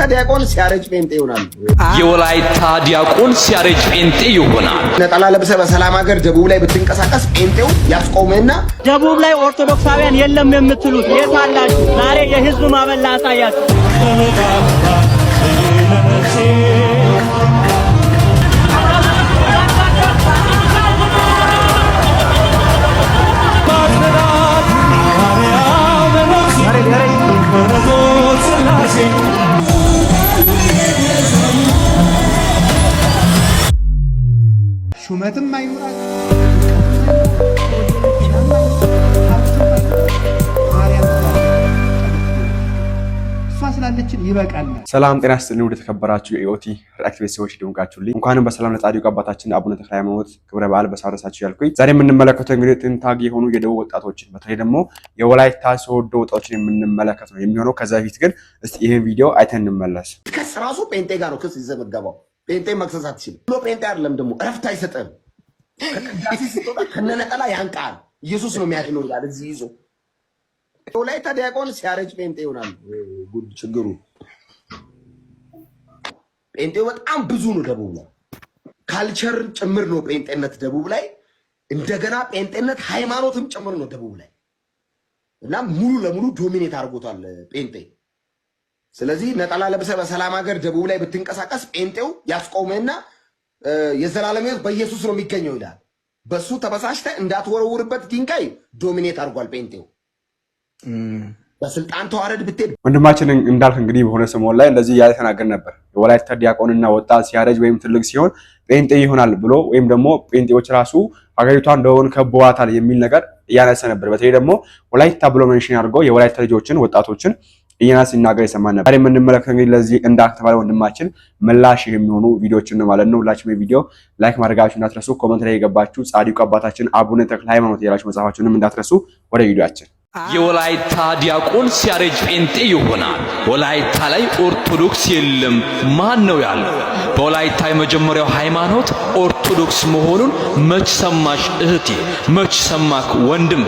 የወላይታ ዲያቆን ሲያረጅ ጴንጤ ይሆናል። የወላይታ ዲያቆን ሲያረጅ ጴንጤ ይሆናል። ነጠላ ለብሰ በሰላም ሀገር ደቡብ ላይ ብትንቀሳቀስ ጴንጤው ያስቆመና ደቡብ ላይ ኦርቶዶክሳውያን የለም የምትሉት የት አላችሁ? ዛሬ የህዝብ ማበላ አሳያችሁ። ሹመትም አይኖራት ይበቃል። ሰላም ጤና ስጥልን። ወደ ተከበራችሁ የኢኦቲ ሪአክት ቤተሰቦች ደምቃችሁልኝ እንኳንም በሰላም ለጻድቁ አባታችን አቡነ ተክለ ሃይማኖት ክብረ በዓል በሳረሳችሁ ያልኩኝ። ዛሬ የምንመለከተው እንግዲህ ጥንታግ የሆኑ የደቡብ ወጣቶችን በተለይ ደግሞ የወላይታ ሶዶ ወጣቶችን የምንመለከት ነው የሚሆነው። ከዛ በፊት ግን እስኪ ይህን ቪዲዮ አይተን እንመለስ። ከስ ራሱ ጴንጤ ጋር ነው ክስ ይዘመገባው ጴንጤ መክሰስ አትችልም ብሎ ጴንጤ አይደለም ደግሞ እረፍት አይሰጥም። ከነነጠላ ያንቃል። ኢየሱስ ነው የሚያድነው ይላል እዚህ ይዞ ላይ ታዲያቆን ሲያረጅ ጴንጤ ይሆናል። ጉድ ችግሩ ጴንጤው በጣም ብዙ ነው ደቡብ ላይ ካልቸር ጭምር ነው ጴንጤነት ደቡብ ላይ እንደገና ጴንጤነት ሃይማኖትም ጭምር ነው ደቡብ ላይ እና ሙሉ ለሙሉ ዶሚኔት አድርጎታል ጴንጤ ስለዚህ ነጠላ ለብሰ በሰላም ሀገር ደቡብ ላይ ብትንቀሳቀስ ጴንጤው ያስቆመና የዘላለም ሕይወት በኢየሱስ ነው የሚገኘው ይላል። በሱ ተበሳሽተ እንዳትወረውርበት ድንጋይ ዶሚኔት አድርጓል ጴንጤው። በስልጣን ተዋረድ ብትሄድ ወንድማችን እንዳልክ እንግዲህ በሆነ ሰሞን ላይ እንደዚህ እያለ ተናገር ነበር። የወላይታ ዲያቆንና ወጣት ሲያረጅ ወይም ትልቅ ሲሆን ጴንጤ ይሆናል ብሎ ወይም ደግሞ ጴንጤዎች ራሱ ሀገሪቷን እንደሆን ከበዋታል የሚል ነገር እያነሰ ነበር። በተለይ ደግሞ ወላይታ ብሎ መንሽን አድርገው የወላይታ ልጆችን ወጣቶችን እየና ሲናገር የሰማን ነበር። ዛሬ የምንመለከተው እንግዲህ ለዚህ እንዳልተባለ ወንድማችን ምላሽ የሚሆኑ ቪዲዮዎችን ነው ማለት ነው። ሁላችሁም ቪዲዮ ላይክ ማድረጋችሁ እንዳትረሱ፣ ኮመንት ላይ የገባችሁ ጻድቁ አባታችን አቡነ ተክለ ሃይማኖት ያላችሁ መጽሐፋችሁንም እንዳትረሱ። ወደ ቪዲዮአችን የወላይታ ዲያቆን ሲያረጅ ጴንጤ ይሆናል። ወላይታ ላይ ኦርቶዶክስ የለም ማን ነው ያለው? በወላይታ የመጀመሪያው ሃይማኖት ኦርቶዶክስ መሆኑን መች ሰማሽ እህቴ? መች ሰማክ ወንድም?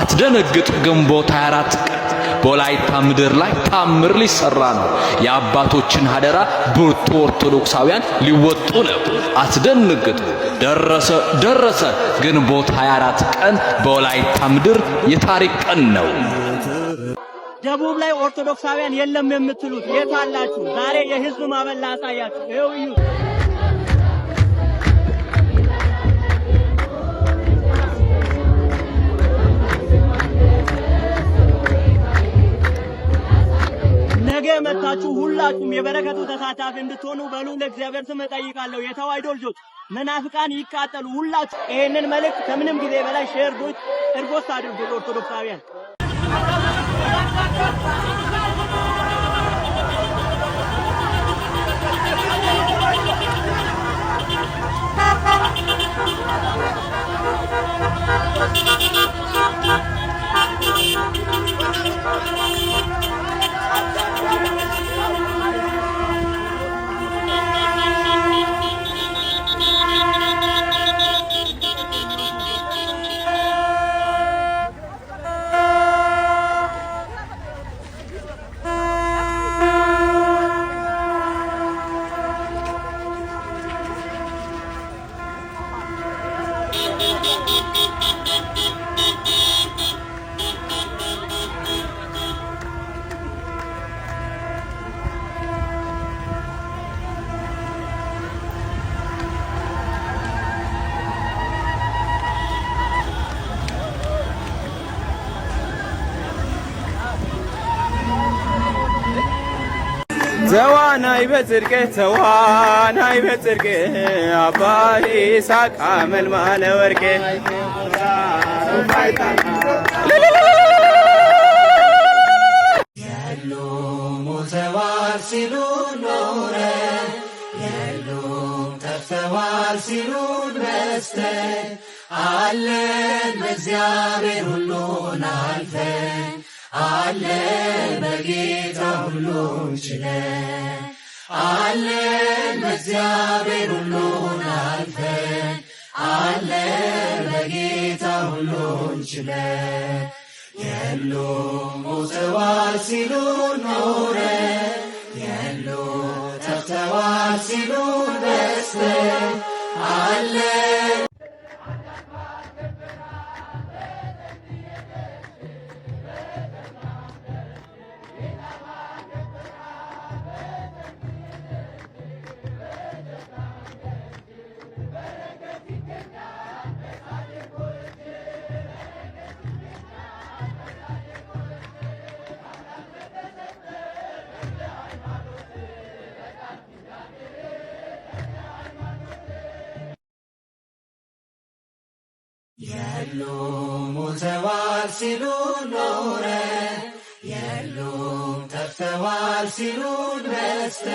አትደነግጥ ግንቦት 24 በወላይታ ምድር ላይ ታምር ሊሰራ ነው። የአባቶችን ሀደራ ብርቱ ኦርቶዶክሳውያን ሊወጡ ነው። አትደንግጡ። ደረሰ ደረሰ። ግንቦት 24 ቀን በወላይታ ምድር የታሪክ ቀን ነው። ደቡብ ላይ ኦርቶዶክሳውያን የለም የምትሉት የት አላችሁ? ዛሬ የህዝብ ማበላ አሳያችሁ። ይኸው እዩ። ሁላችሁም የበረከቱ ተሳታፊ እንድትሆኑ በሉ ለእግዚአብሔር ስም እጠይቃለሁ። የተዋሕዶ ልጆች መናፍቃን ይቃጠሉ። ሁላችሁ ይህንን መልእክት ከምንም ጊዜ በላይ ሼር ዱት እርጎስ አድርጉ ኦርቶዶክሳውያን ተዋናይ በጽድቅ ተዋናይ በጽድቅ አባቴ ይስሐቅ አመልማለ ወርቄ ሞተዋል ሲሉ ኖረ የሉም ጠፍተዋል ሲሉ በስተ አለን በእግዚአብሔር ሁሉን አልፈን አለ በጌታ ሁሉን ችለ አለ በእግዚአብሔር ሁሉን አልፈ አለ በጌታ ሁሉን ችለ የሉም ሞተዋል ሲሉ ኖረ የሉ ጠፍተዋል ሲሉ ደስተ አለ የሉ ሞተዋል ሲሉ ኖረ የሉም ተፍተዋል ሲሉ ድረስተ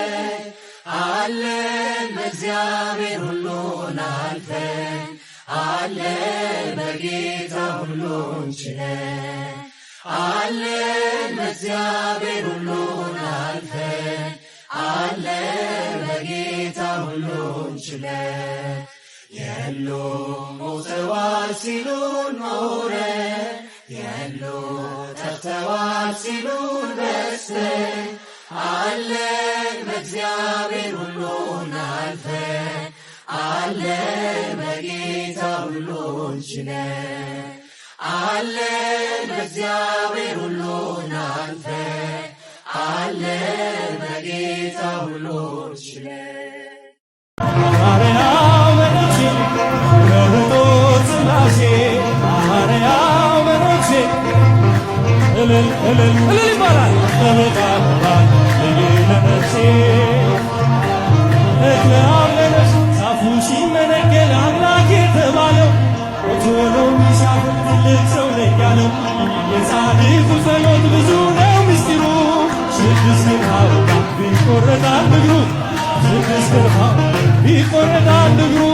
አለን በእግዚአብሔር ሁሉን አልፈን አለን በጌታ ሁሉን ችለን አለን በእግዚአብሔር ሁሉን አልፈን አለን በጌታ ሁሉን ችለን يهلو موتوال سيلون مورة يهلو تفتوال سيلون بسته አለን በእግዚአብሔር ሁሉን አልፈን አለን በጌታ ሁሉን ችለን አለን በእግዚአብሔር ሁሉን አልፈን አለን በጌታ ሁሉን Be for it on the groove.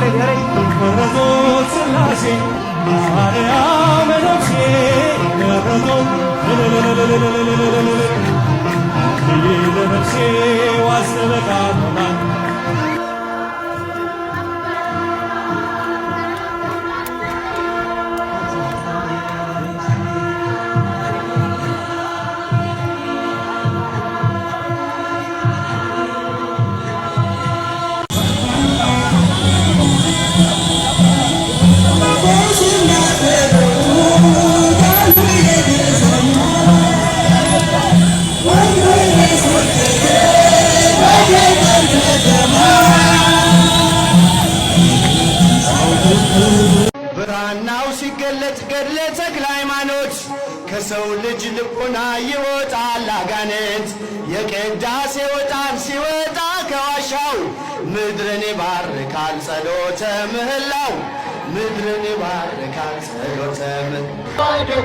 ገብረ ይወጣል አጋንንት የቅዳሴው ዕጣን ሲወጣ ከዋሻው ምድርን ይባርካል ጸሎተ ምህላው ምድርን ይባርካል ጸሎተ ምህላው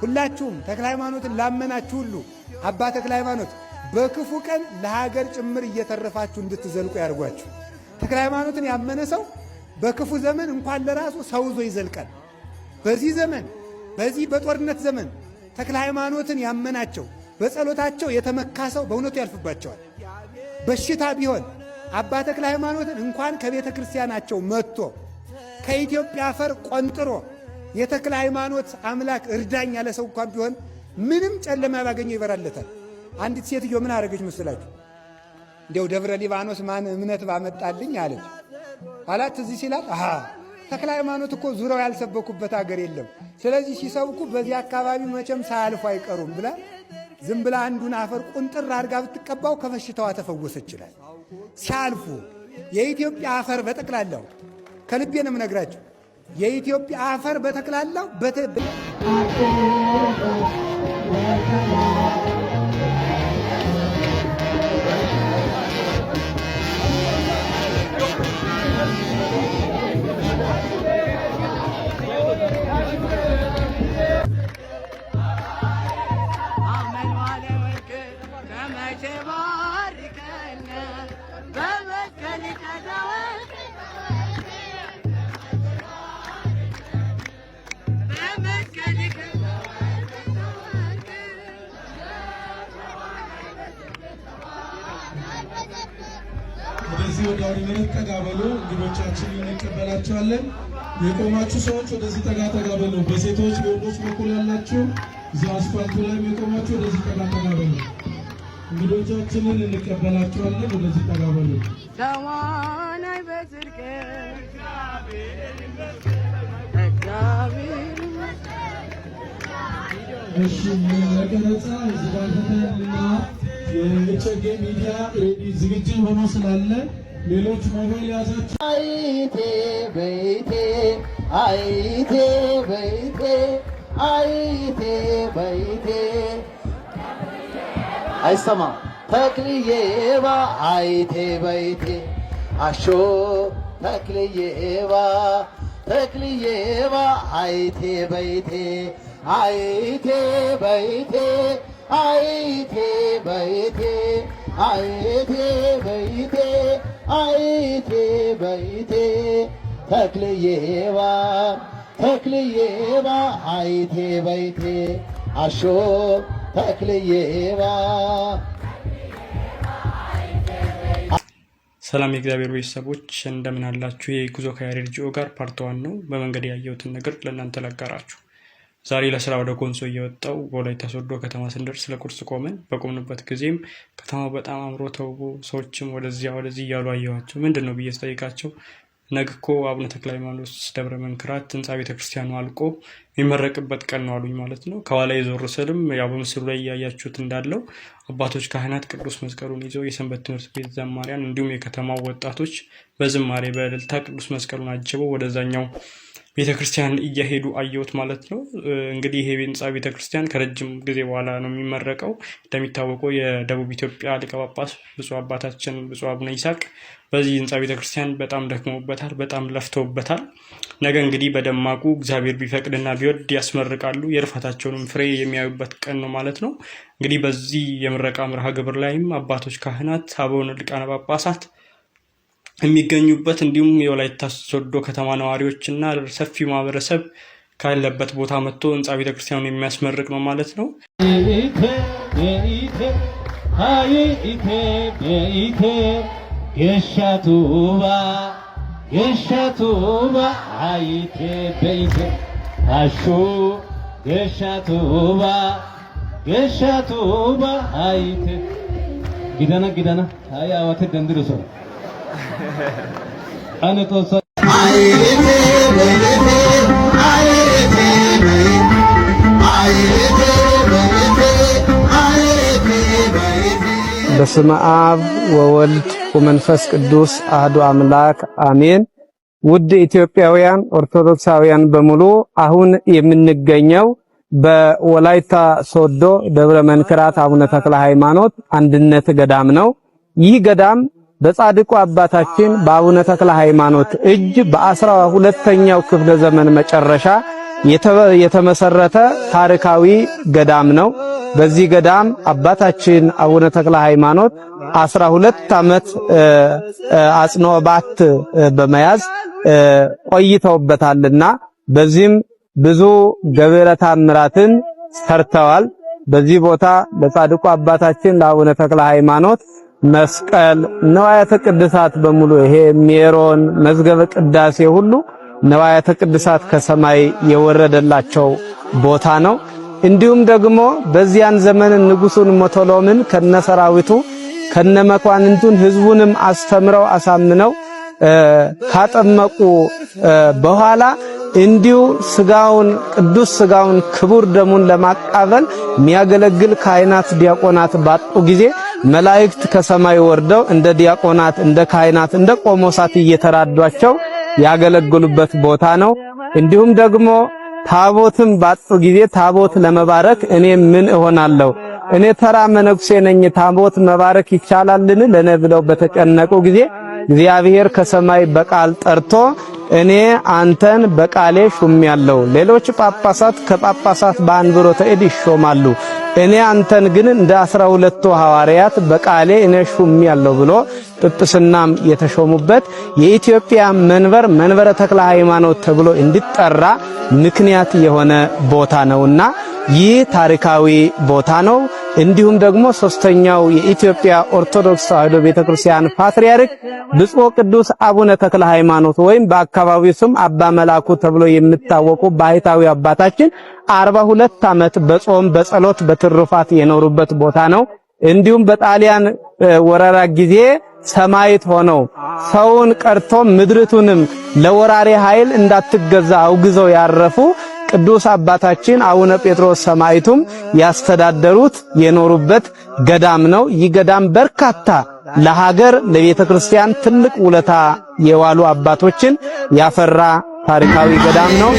ሁላችሁም ተክለ ሃይማኖትን ላመናችሁ ሁሉ አባ ተክለ ሃይማኖት በክፉ ቀን ለሀገር ጭምር እየተረፋችሁ እንድትዘልቁ ያድርጓችሁ። ተክለ ሃይማኖትን ያመነ ሰው በክፉ ዘመን እንኳን ለራሱ ሰው ይዞ ይዘልቃል። በዚህ ዘመን በዚህ በጦርነት ዘመን ተክለ ሃይማኖትን ያመናቸው በጸሎታቸው የተመካ ሰው በእውነቱ ያልፍባቸዋል። በሽታ ቢሆን አባ ተክለ ሃይማኖትን እንኳን ከቤተ ክርስቲያናቸው መጥቶ ከኢትዮጵያ አፈር ቆንጥሮ የተክለ ሃይማኖት አምላክ እርዳኝ ያለ ሰው እንኳን ቢሆን ምንም ጨለማ ባገኘው ይበራለታል። አንዲት ሴትዮ ምን አደረገች መስላችሁ? እንዲያው ደብረ ሊባኖስ ማን እምነት ባመጣልኝ አለች አላት። እዚህ ሲላት አሃ ተክለ ሃይማኖት እኮ ዙረው ያልሰበኩበት አገር የለም። ስለዚህ ሲሰብኩ በዚህ አካባቢ መቼም ሳያልፉ አይቀሩም ብላ ዝም ብላ አንዱን አፈር ቁንጥር አድርጋ ብትቀባው ከበሽታዋ ተፈወሰ ይችላል። ሲያልፉ የኢትዮጵያ አፈር በጠቅላላው ከልቤ ነው የምነግራቸው የኢትዮጵያ አፈር በተክላላው ሁላችንን እንቀበላቸዋለን። ወደዚህ ተጋበሉ። ሰማናይ በጽድቅ እሺ ለቀረጻ ዝጋተተና የጨጌ ሚዲያ ኤዲ ዝግጁ ሆኖ ስላለ ሌሎች ሞባይል ያዛቸው አይቴ በይቴ አይቴ በይቴ አይቴ በይቴ አይሰማም थक्लिएवा आए थे वैथे अशो थक्लिएवा थक्लिएवा आए थे थे आए थे थे आए थे थे आए थे थे आए थे वैथे थक्लिएवा थक्लिएवा आए थे थे अशो थक्लिएवा ሰላም የእግዚአብሔር ቤተሰቦች እንደምን አላችሁ? የጉዞ ከያሬድ ጂኦ ጋር ፓርት ዋን ነው። በመንገድ ያየሁትን ነገር ለእናንተ ለጋራችሁ ዛሬ ለስራ ወደ ኮንሶ እየወጣው ወላይታ ሶዶ ከተማ ስንደርስ ለቁርስ ቆመን፣ በቆምንበት ጊዜም ከተማው በጣም አምሮ ተውቦ ሰዎችም ወደዚያ ወደዚህ እያሉ አየኋቸው። ምንድን ነው ብዬ ስጠይቃቸው ነግኮ አቡነ ተክለ ሃይማኖት ደብረ መንክራት ህንፃ ቤተክርስቲያኑ አልቆ የሚመረቅበት ቀን ነው አሉኝ ማለት ነው። ከኋላ የዞር ስልም ያው በምስሉ ላይ እያያችሁት እንዳለው አባቶች ካህናት ቅዱስ መስቀሉን ይዘው የሰንበት ትምህርት ቤት ዘማሪያን እንዲሁም የከተማው ወጣቶች በዝማሬ በእልልታ ቅዱስ መስቀሉን አጅበው ወደዛኛው ቤተክርስቲያን እየሄዱ አየሁት ማለት ነው። እንግዲህ ይሄ ህንፃ ቤተክርስቲያን ከረጅም ጊዜ በኋላ ነው የሚመረቀው። እንደሚታወቀው የደቡብ ኢትዮጵያ ሊቀ ጳጳስ ብፁዕ አባታችን ብፁዕ አቡነ ይስሐቅ በዚህ ህንፃ ቤተክርስቲያን በጣም ደክመውበታል፣ በጣም ለፍተውበታል። ነገ እንግዲህ በደማቁ እግዚአብሔር ቢፈቅድና ቢወድ ያስመርቃሉ። የርፋታቸውንም ፍሬ የሚያዩበት ቀን ነው ማለት ነው። እንግዲህ በዚህ የምረቃ መርሃ ግብር ላይም አባቶች ካህናት፣ አበውን ሊቃነ ጳጳሳት የሚገኙበት እንዲሁም የወላይታ ሶዶ ከተማ ነዋሪዎችና ሰፊ ማህበረሰብ ካለበት ቦታ መጥቶ ህንፃ ቤተክርስቲያኑን የሚያስመርቅ ነው ማለት ነው። ጊደና ጊደና አዋቴ ደንድሩ በስመ አብ ወወልድ ወመንፈስ ቅዱስ አህዶ አምላክ አሜን። ውድ ኢትዮጵያውያን ኦርቶዶክሳውያን በሙሉ አሁን የምንገኘው በወላይታ ሶዶ ደብረ መንክራት አቡነ ተክለ ሃይማኖት አንድነት ገዳም ነው። ይህ ገዳም በጻድቁ አባታችን በአቡነ ተክለ ሃይማኖት እጅ በአስራ ሁለተኛው ክፍለ ዘመን መጨረሻ የተመሰረተ ታሪካዊ ገዳም ነው። በዚህ ገዳም አባታችን አቡነ ተክለ ሃይማኖት አስራ ሁለት ዓመት ባት በመያዝ ቆይተውበታልና በዚህም ብዙ ገበረ ታምራትን ሰርተዋል። በዚህ ቦታ ለጻድቁ አባታችን ለአቡነ ተክለ ሃይማኖት መስቀል፣ ነዋያተ ቅድሳት በሙሉ ይሄ ሜሮን፣ መዝገበ ቅዳሴ ሁሉ ነዋያተ ቅድሳት ከሰማይ የወረደላቸው ቦታ ነው። እንዲሁም ደግሞ በዚያን ዘመን ንጉሱን ሞቶሎምን ከነሰራዊቱ ከነመኳንንቱን ህዝቡንም አስተምረው አሳምነው ካጠመቁ በኋላ እንዲሁ ስጋውን ቅዱስ ስጋውን ክቡር ደሙን ለማቃበል የሚያገለግል ካህናት ዲያቆናት ባጡ ጊዜ መላእክት ከሰማይ ወርደው እንደ ዲያቆናት፣ እንደ ካህናት፣ እንደ ቆሞሳት እየተራዷቸው ያገለግሉበት ቦታ ነው። እንዲሁም ደግሞ ታቦትም ባጡ ጊዜ ታቦት ለመባረክ እኔ ምን እሆናለሁ? እኔ ተራ መነኩሴ ነኝ፣ ታቦት መባረክ ይቻላልን? ለነ ብለው በተጨነቁ ጊዜ እግዚአብሔር ከሰማይ በቃል ጠርቶ እኔ አንተን በቃሌ ሹሜያለሁ። ሌሎች ጳጳሳት ከጳጳሳት በአንብሮተ እድ ይሾማሉ። እኔ አንተን ግን እንደ አስራ ሁለቱ ሐዋርያት በቃሌ እኔ ሹሜያለሁ ብሎ ጵጵስናም የተሾሙበት የኢትዮጵያ መንበር መንበረ ተክለ ሃይማኖት ተብሎ እንዲጠራ ምክንያት የሆነ ቦታ ነውና ይህ ታሪካዊ ቦታ ነው። እንዲሁም ደግሞ ሶስተኛው የኢትዮጵያ ኦርቶዶክስ ተዋሕዶ ቤተክርስቲያን ፓትርያርክ ብፁዕ ቅዱስ አቡነ ተክለ ሃይማኖት ወይም በአካባቢው ስም አባ መላኩ ተብሎ የሚታወቁ ባህታዊ አባታችን አርባ ሁለት ዓመት በጾም በጸሎት በትሩፋት የኖሩበት ቦታ ነው። እንዲሁም በጣሊያን ወረራ ጊዜ ሰማይት ሆነው ሰውን ቀርቶ ምድርቱንም ለወራሪ ኃይል እንዳትገዛ አውግዘው ያረፉ ቅዱስ አባታችን አቡነ ጴጥሮስ ሰማይቱም ያስተዳደሩት የኖሩበት ገዳም ነው። ይህ ገዳም በርካታ ለሀገር ለቤተ ክርስቲያን ትልቅ ውለታ የዋሉ አባቶችን ያፈራ ታሪካዊ ገዳም ነው።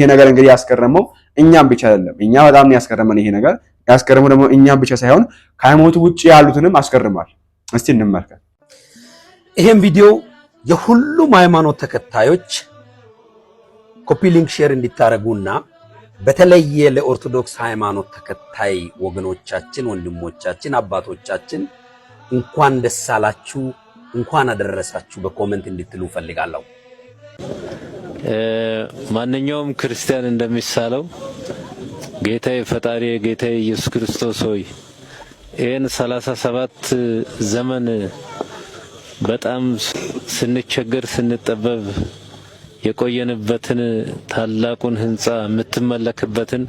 ይሄ ነገር እንግዲህ ያስገረመው እኛም ብቻ አይደለም። እኛ በጣም ያስገረመን ይሄ ነገር ያስገረመው ደግሞ እኛም ብቻ ሳይሆን ከሃይማኖቱ ውጭ ያሉትንም አስገርሟል። እስቲ እንመልከት። ይሄን ቪዲዮ የሁሉም ሃይማኖት ተከታዮች ኮፒ ሊንክ ሼር እንዲታረጉና በተለየ ለኦርቶዶክስ ሃይማኖት ተከታይ ወገኖቻችን፣ ወንድሞቻችን፣ አባቶቻችን እንኳን ደስ አላችሁ፣ እንኳን አደረሳችሁ በኮመንት እንድትሉ ፈልጋለሁ። ማንኛውም ክርስቲያን እንደሚሳለው ጌታዬ ፈጣሪ ጌታዬ ኢየሱስ ክርስቶስ ሆይ ይህን ሰላሳ ሰባት ዘመን በጣም ስንቸገር ስንጠበብ የቆየንበትን ታላቁን ህንጻ የምትመለክበትን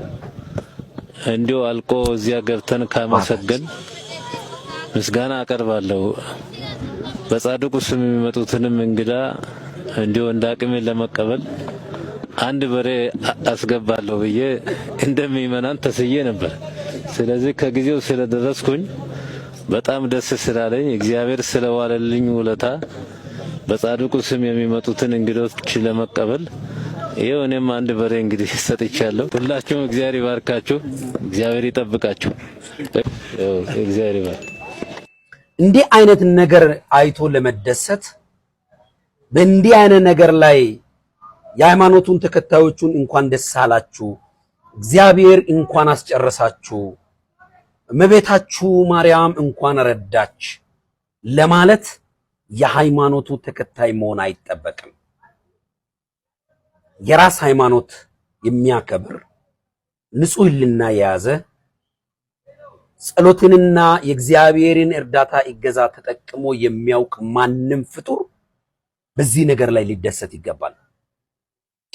እንዲሁ አልቆ እዚያ ገብተን ካመሰገን ምስጋና አቀርባለሁ። በጻድቁ ስም የሚመጡትንም እንግዳ እንዲሁ እንደ አቅሜን ለመቀበል አንድ በሬ አስገባለሁ ብዬ እንደሚመናን ተስዬ ነበር። ስለዚህ ከጊዜው ስለደረስኩኝ በጣም ደስ ስላለኝ እግዚአብሔር ስለዋለልኝ ውለታ በጻድቁ ስም የሚመጡትን እንግዶች ለመቀበል ይኸው እኔም አንድ በሬ እንግዲህ ሰጥቻለሁ። ሁላችሁም እግዚአብሔር ይባርካችሁ፣ እግዚአብሔር ይጠብቃችሁ። እግዚአብሔር ይባርክ። እንዲህ አይነት ነገር አይቶ ለመደሰት በእንዲህ አይነት ነገር ላይ የሃይማኖቱን ተከታዮቹን እንኳን ደስ አላችሁ፣ እግዚአብሔር እንኳን አስጨረሳችሁ፣ እመቤታችሁ ማርያም እንኳን ረዳች ለማለት የሃይማኖቱ ተከታይ መሆን አይጠበቅም። የራስ ሃይማኖት የሚያከብር ንጹህ ህልና የያዘ ጸሎትንና የእግዚአብሔርን እርዳታ ይገዛ ተጠቅሞ የሚያውቅ ማንም ፍጡር በዚህ ነገር ላይ ሊደሰት ይገባል።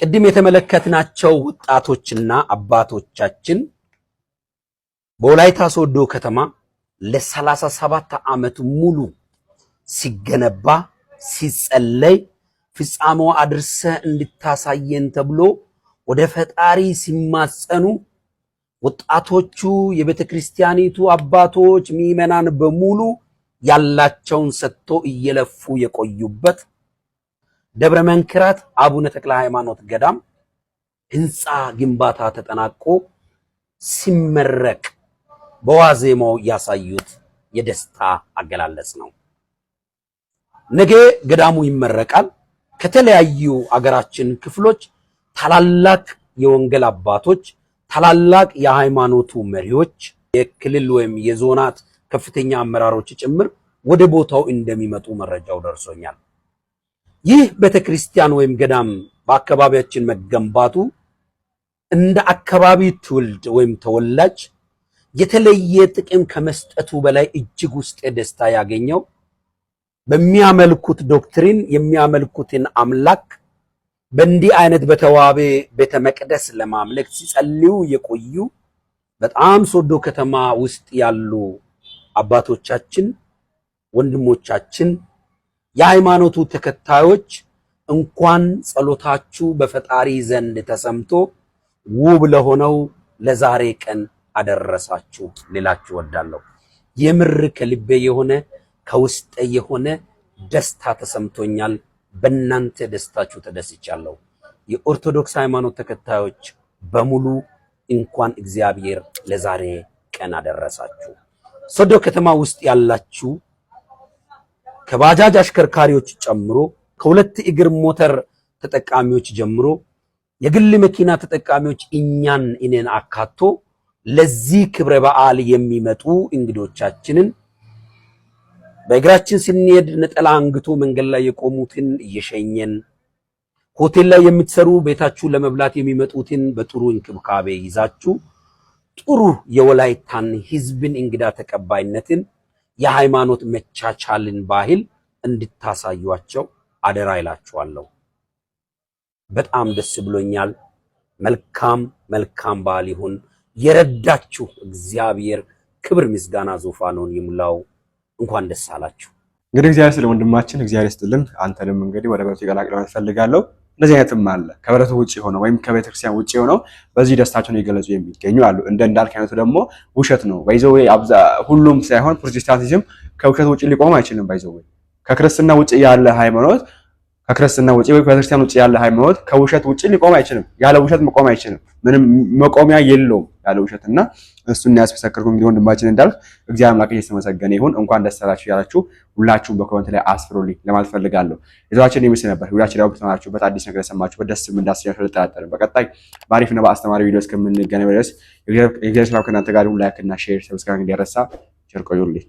ቅድም የተመለከትናቸው ወጣቶችና አባቶቻችን በወላይታ ሶዶ ከተማ ለ37 ዓመት ሙሉ ሲገነባ ሲጸለይ ፍጻሜው አድርሰ እንድታሳየን ተብሎ ወደ ፈጣሪ ሲማጸኑ ወጣቶቹ የቤተ ክርስቲያኒቱ አባቶች ምዕመናን በሙሉ ያላቸውን ሰጥቶ እየለፉ የቆዩበት ደብረ መንክራት አቡነ ተክለ ሃይማኖት ገዳም ህንፃ ግንባታ ተጠናቆ ሲመረቅ በዋዜማው ያሳዩት የደስታ አገላለጽ ነው። ነገ ገዳሙ ይመረቃል። ከተለያዩ አገራችን ክፍሎች ታላላቅ የወንጌል አባቶች፣ ታላላቅ የሃይማኖቱ መሪዎች፣ የክልል ወይም የዞናት ከፍተኛ አመራሮች ጭምር ወደ ቦታው እንደሚመጡ መረጃው ደርሶኛል። ይህ ቤተክርስቲያን ወይም ገዳም በአካባቢያችን መገንባቱ እንደ አካባቢ ትውልድ ወይም ተወላጅ የተለየ ጥቅም ከመስጠቱ በላይ እጅግ ውስጤ ደስታ ያገኘው በሚያመልኩት ዶክትሪን የሚያመልኩትን አምላክ በእንዲህ አይነት በተዋበ ቤተ መቅደስ ለማምለክ ሲጸልዩ የቆዩ በጣም ሶዶ ከተማ ውስጥ ያሉ አባቶቻችን ወንድሞቻችን የሃይማኖቱ ተከታዮች እንኳን ጸሎታችሁ በፈጣሪ ዘንድ ተሰምቶ ውብ ለሆነው ለዛሬ ቀን አደረሳችሁ ልላችሁ ወዳለሁ። የምር ከልቤ የሆነ ከውስጤ የሆነ ደስታ ተሰምቶኛል። በእናንተ ደስታችሁ ተደስቻለሁ። የኦርቶዶክስ ሃይማኖት ተከታዮች በሙሉ እንኳን እግዚአብሔር ለዛሬ ቀን አደረሳችሁ። ሶዶ ከተማ ውስጥ ያላችሁ ከባጃጅ አሽከርካሪዎች ጨምሮ ከሁለት እግር ሞተር ተጠቃሚዎች ጀምሮ የግል መኪና ተጠቃሚዎች እኛን እኔን አካቶ ለዚህ ክብረ በዓል የሚመጡ እንግዶቻችንን በእግራችን ስንሄድ ነጠላ አንግቶ መንገድ ላይ የቆሙትን እየሸኘን ሆቴል ላይ የምትሰሩ ቤታችሁ ለመብላት የሚመጡትን በጥሩ እንክብካቤ ይዛችሁ ጥሩ የወላይታን ሕዝብን እንግዳ ተቀባይነትን የሃይማኖት መቻቻልን ባህል እንድታሳዩቸው አደራ ይላችኋለሁ። በጣም ደስ ብሎኛል። መልካም መልካም በዓል ይሁን። የረዳችሁ እግዚአብሔር ክብር ምስጋና ዙፋኑን ይሙላው። እንኳን ደስ አላችሁ። እንግዲህ እግዚአብሔር ስለ ወንድማችን እግዚአብሔር ይስጥልን። አንተንም እንግዲህ ወደ በቱ ይቀላቅለውን እፈልጋለሁ። እንደዚህ አይነትም አለ። ከበረቱ ውጭ ሆነው ወይም ከቤተክርስቲያን ውጭ የሆነው በዚህ ደስታቸውን የገለጹ የሚገኙ አሉ። እንደ እንዳልክ አይነቱ ደግሞ ውሸት ነው ባይዘዌ። ሁሉም ሳይሆን ፕሮቴስታንቲዝም ከውሸት ውጭ ሊቆም አይችልም ባይዘዌ። ከክርስትና ውጭ ያለ ሃይማኖት ከክርስትና ውጪ ወይ ከቤተክርስቲያን ውጪ ያለ ሃይማኖት ከውሸት ውጪ ሊቆም አይችልም። ያለ ውሸት መቆም አይችልም። ምንም መቆሚያ የለውም ያለ ውሸት እና እሱን ያስመሰክርኩ እንግዲህ ወንድማችን እንዳልክ እግዚአብሔር አምላክ የተመሰገነ ይሁን። እንኳን ደስ አላችሁ ያላችሁ ሁላችሁም በኮመንት ላይ አስፍሩልኝ ለማለት ፈልጋለሁ። የዛችን የሚስ ነበር ሁላችን ያው ተማራችሁበት አዲስ ነገር ሰማችሁበት ደስ እንዳሰኛችሁ አልጠራጠርም። በቀጣይ ነው በአስተማሪ ቪዲዮ እስከምንገናኝ ድረስ የእግዚአብሔር ሰላም ከእናንተ ጋር ይሁን። ላይክ እና ሼር ሰብስክራይብ እንዲያረሳ ቸር ቆዩልኝ።